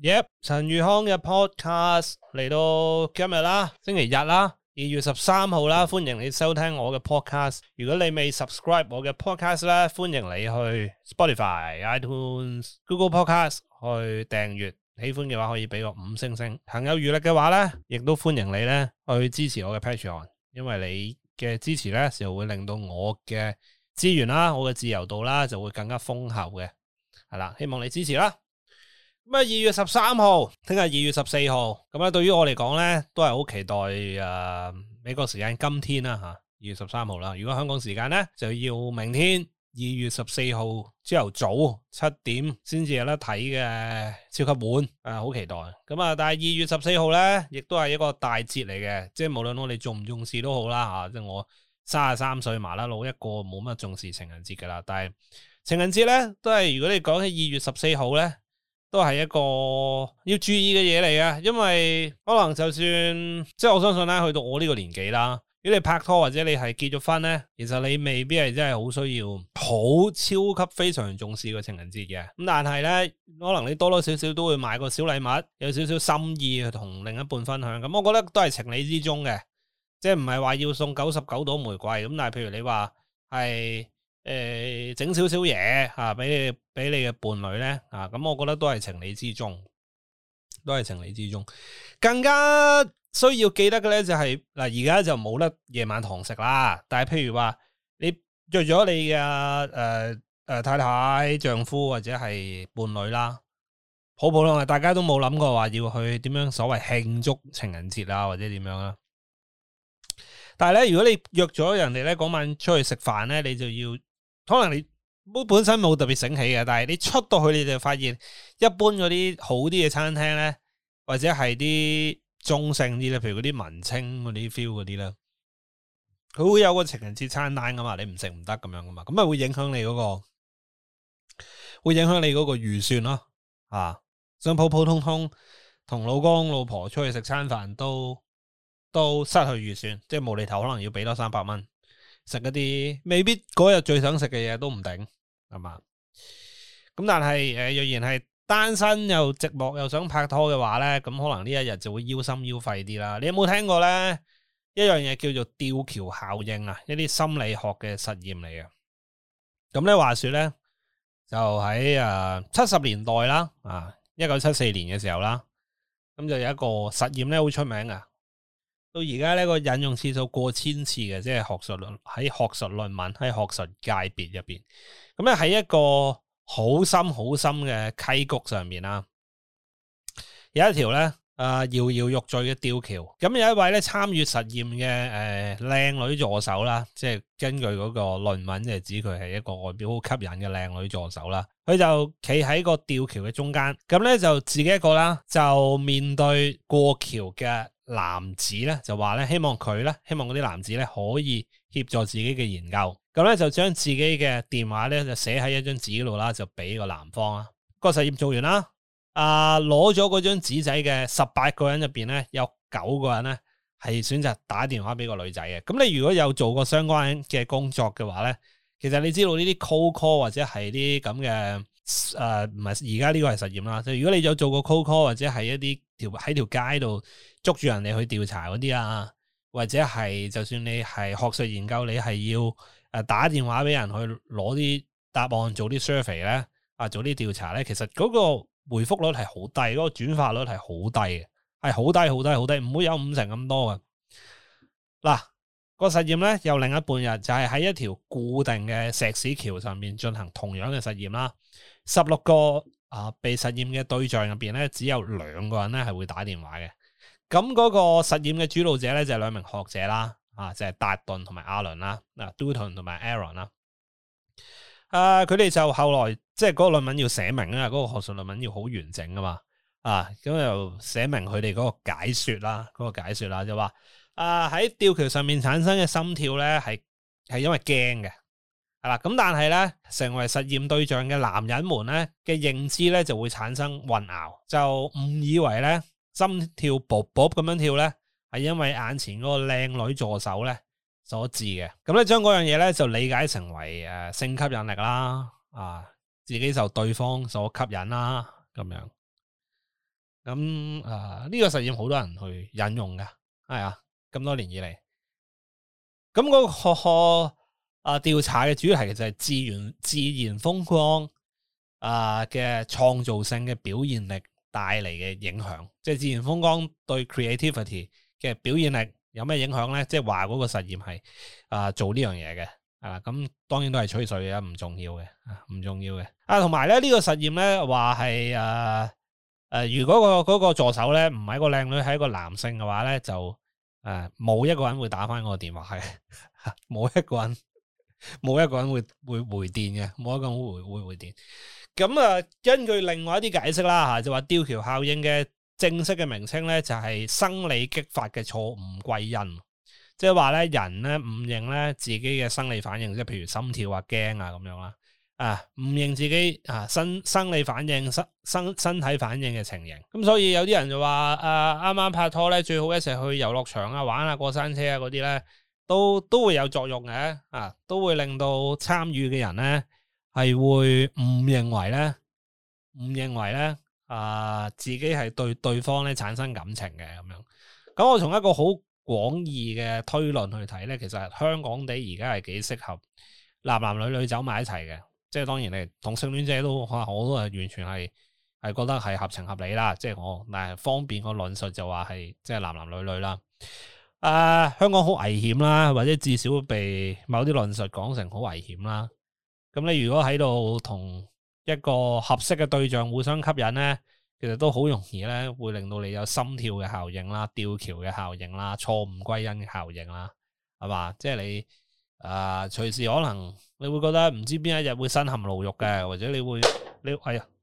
Yep！陳宇康嘅 podcast 嚟到今日啦，星期日啦，二月十三號啦，歡迎你收聽我嘅 podcast。如果你未 subscribe 我嘅 podcast 咧，歡迎你去 Spotify、iTunes、Google Podcast 去訂閱。喜歡嘅話可以俾個五星星。行有餘力嘅話咧，亦都歡迎你咧去支持我嘅 Patreon，因為你嘅支持咧就會令到我嘅資源啦、我嘅自由度啦就會更加豐厚嘅。係啦，希望你支持啦。咁、嗯呃、啊，二月十三號聽日二月十四號，咁咧對於我嚟講咧，都係好期待誒，美國時間今天啦吓，二月十三號啦。如果香港時間咧，就要明天二月十四號朝頭早七點先至有得睇嘅超級本。誒、啊，好期待。咁、嗯、啊，但係二月十四號咧，亦都係一個大節嚟嘅，即係無論我哋重唔重視都好啦吓、啊。即係我三十三歲麻甩佬一個，冇乜重視情人節噶啦。但係情人節咧，都係如果你講起二月十四號咧。都係一個要注意嘅嘢嚟啊，因為可能就算即係我相信啦，去到我呢個年紀啦，如果你拍拖或者你係結咗婚咧，其實你未必係真係好需要好超級非常重視個情人節嘅。咁但係咧，可能你多多少少都會買個小禮物，有少少心意去同另一半分享。咁我覺得都係情理之中嘅，即係唔係話要送九十九朵玫瑰咁，但係譬如你話係。誒，整少少嘢吓，俾你俾你嘅伴侶咧，啊，咁、啊、我覺得都係情理之中，都係情理之中。更加需要記得嘅咧，就係、是、嗱，而、啊、家就冇得夜晚堂食啦。但係譬如話你約咗你嘅誒誒太太、丈夫或者係伴侶啦，好普通啊，大家都冇諗過話要去點樣所謂慶祝情人節啊，或者點樣啦。但係咧，如果你約咗人哋咧，嗰晚出去食飯咧，你就要。可能你冇本身冇特別醒起嘅，但係你出到去你就發現，一般嗰啲好啲嘅餐廳咧，或者係啲中性啲咧，譬如嗰啲文青嗰啲 feel 嗰啲咧，佢會有個情人節餐單噶嘛，你唔食唔得咁樣噶嘛，咁咪會影響你嗰個，會影響你嗰個預算咯啊。啊，想普普通通同老公老婆出去食餐飯都都失去預算，即係無厘頭，可能要俾多三百蚊。食嗰啲未必嗰日最想食嘅嘢，都唔定，係嘛？咁但係誒，若然係單身又寂寞又想拍拖嘅話咧，咁可能呢一日就會腰心腰肺啲啦。你有冇聽過咧？一樣嘢叫做吊橋效應啊，一啲心理學嘅實驗嚟嘅。咁咧，話說咧，就喺誒七十年代啦，啊，一九七四年嘅時候啦，咁就有一個實驗咧，好出名㗎。到而家呢個引用次數過千次嘅，即係學術論喺學術論文喺學術界別入邊，咁咧喺一個好深好深嘅溪谷上面啦，有一條咧誒搖搖欲墜嘅吊橋。咁、嗯、有一位咧參與實驗嘅誒靚女助手啦，即係根據嗰個論文，就指佢係一個外表好吸引嘅靚女助手啦。佢就企喺個吊橋嘅中間，咁、嗯、咧、嗯、就自己一個啦，就面對過橋嘅。男子咧就話咧，希望佢咧，希望嗰啲男子咧可以協助自己嘅研究，咁咧就將自己嘅電話咧就寫喺一張紙度啦，就俾個男方啊。個實驗做完啦，啊，攞咗嗰張紙仔嘅十八個人入邊咧，有九個人咧係選擇打電話俾個女仔嘅。咁你如果有做過相關嘅工作嘅話咧，其實你知道呢啲 cold call 或者係啲咁嘅誒，唔係而家呢個係實驗啦。就如果你有做過 cold call 或者係一啲。條喺條街度捉住人哋去調查嗰啲啊，或者係就算你係學術研究，你係要誒打電話俾人去攞啲答案做啲 survey 咧，啊做啲調查咧，其實嗰個回覆率係好低，嗰個轉化率係好低嘅，係好低好低好低，唔會有五成咁多嘅。嗱個實驗咧，又另一半日就係喺一條固定嘅石屎橋上面進行同樣嘅實驗啦，十六個。啊！被實驗嘅對象入邊咧，只有兩個人咧係會打電話嘅。咁嗰個實驗嘅主導者咧就係、是、兩名學者啦，啊就係達頓同埋阿倫啦，嗱 Dutton 同埋 Aron 啦。誒，佢、啊、哋就後來即係嗰個論文要寫明啊，嗰、那個學術論文要好完整噶嘛。啊，咁又寫明佢哋嗰個解說啦，嗰、那個解說啦就話，誒、啊、喺吊橋上面產生嘅心跳咧係係因為驚嘅。係啦，咁但係咧，成為實驗對象嘅男人們咧嘅認知咧就會產生混淆，就誤以為咧心跳卜卜咁樣跳咧係因為眼前嗰個靚女助手咧所致嘅，咁、嗯、咧將嗰樣嘢咧就理解成為誒、呃、性吸引力啦，啊，自己受對方所吸引啦，咁樣，咁誒呢個實驗好多人去引用嘅，係啊，咁多年以嚟，咁個。那個呵呵啊！調查嘅主要題其實係自然自然風光啊嘅創造性嘅表現力帶嚟嘅影響，即係自然風光對 creativity 嘅表現力有咩影響咧？即係話嗰個實驗係啊做呢樣嘢嘅啊，咁、啊、當然都係吹水啊，唔重要嘅，唔重要嘅。啊，同埋咧呢、呢個實驗咧話係誒誒，如果、嗰個嗰、嗰個助手咧唔係個靚女係個男性嘅話咧，就誒冇、啊、一個人會打返嗰個電話，係冇、啊、一個人。冇一個人會會回電嘅，冇一個人會會回，回，回電。咁啊，根據另外一啲解釋啦，吓、啊、就話吊橋效應嘅正式嘅名稱咧，就係、是、生理激發嘅錯誤歸因，即係話咧，人咧唔認咧自己嘅生理反應，即係譬如心跳啊、驚啊咁樣啦，啊唔認自己身啊身生理反應、身身身體反應嘅情形。咁所以有啲人就話啊，啱啱拍拖咧，最好一齊去遊樂場啊玩下、啊、過山車啊嗰啲咧。都都會有作用嘅，啊，都會令到參與嘅人咧係會誤認為咧，誤認為咧，啊、呃，自己係對對方咧產生感情嘅咁樣。咁我從一個好廣義嘅推論去睇咧，其實香港地而家係幾適合男男女女走埋一齊嘅。即係當然你同性戀者都可能我都係完全係係覺得係合情合理啦。即係我但係方便個論述就話係即係男男女女啦。誒、呃，香港好危險啦，或者至少被某啲論述講成好危險啦。咁你如果喺度同一個合適嘅對象互相吸引呢，其實都好容易咧，會令到你有心跳嘅效應啦、吊橋嘅效應啦、錯誤歸因嘅效應啦，係嘛？即係你誒，隨、呃、時可能你會覺得唔知邊一日會身陷牢獄嘅，或者你會你哎呀。哎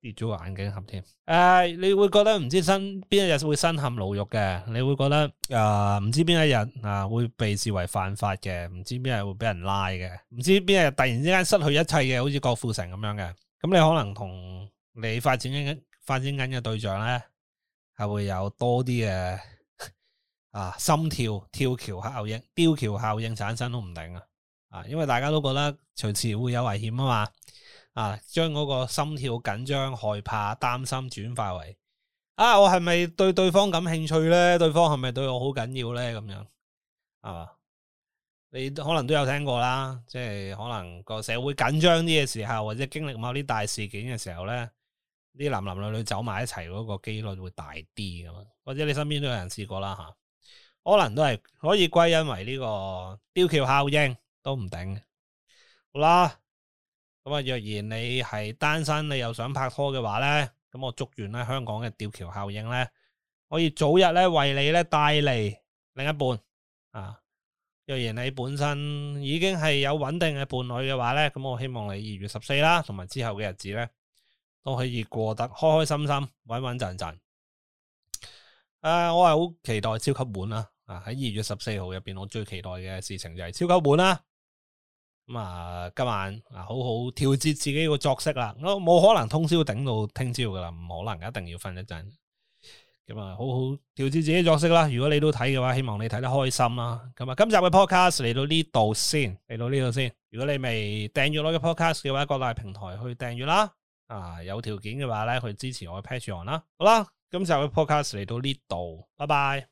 跌咗個眼鏡盒添，誒、呃，你會覺得唔知身邊一日會身陷牢獄嘅，你會覺得誒，唔、呃、知邊一日啊會被視為犯法嘅，唔知邊日會俾人拉嘅，唔知邊日突然之間失去一切嘅，好似郭富城咁樣嘅，咁你可能同你發展緊、發展緊嘅對象咧，係會有多啲嘅啊心跳跳橋效應、吊橋效應產生都唔定啊，啊，因為大家都覺得隨時會有危險啊嘛。啊！將嗰個心跳緊張、害怕、擔心轉化為啊，我係咪對對方感興趣咧？對方係咪對我好緊要咧？咁樣係嘛？你可能都有聽過啦，即係可能個社會緊張啲嘅時候，或者經歷某啲大事件嘅時候咧，啲男男女女走埋一齊嗰個機率會大啲咁啊！或者你身邊都有人試過啦嚇、啊，可能都係可以歸因為呢個吊橋效應都唔定。好啦。咁若然你係單身，你又想拍拖嘅話咧，咁我祝願咧香港嘅吊橋效應咧，可以早日咧為你咧帶嚟另一半啊！若然你本身已經係有穩定嘅伴侶嘅話咧，咁我希望你二月十四啦，同埋之後嘅日子咧，都可以過得開開心心、穩穩陣陣。啊，我係好期待超級碗啦！啊，喺二月十四號入邊，我最期待嘅事情就係超級碗啦。咁啊，今晚啊，好好調節自己個作息啦。我、哦、冇可能通宵頂到聽朝噶啦，唔可能，一定要瞓一陣。咁、嗯、啊，好好調節自己作息啦。如果你都睇嘅話，希望你睇得開心啦、啊。咁、嗯、啊，今集嘅 podcast 嚟到呢度先，嚟到呢度先。如果你未訂閱我嘅 podcast 嘅話，各大平台去訂閱啦。啊，有條件嘅話咧，去支持我嘅 Patreon 啦。好啦，今集嘅 podcast 嚟到呢度，拜拜。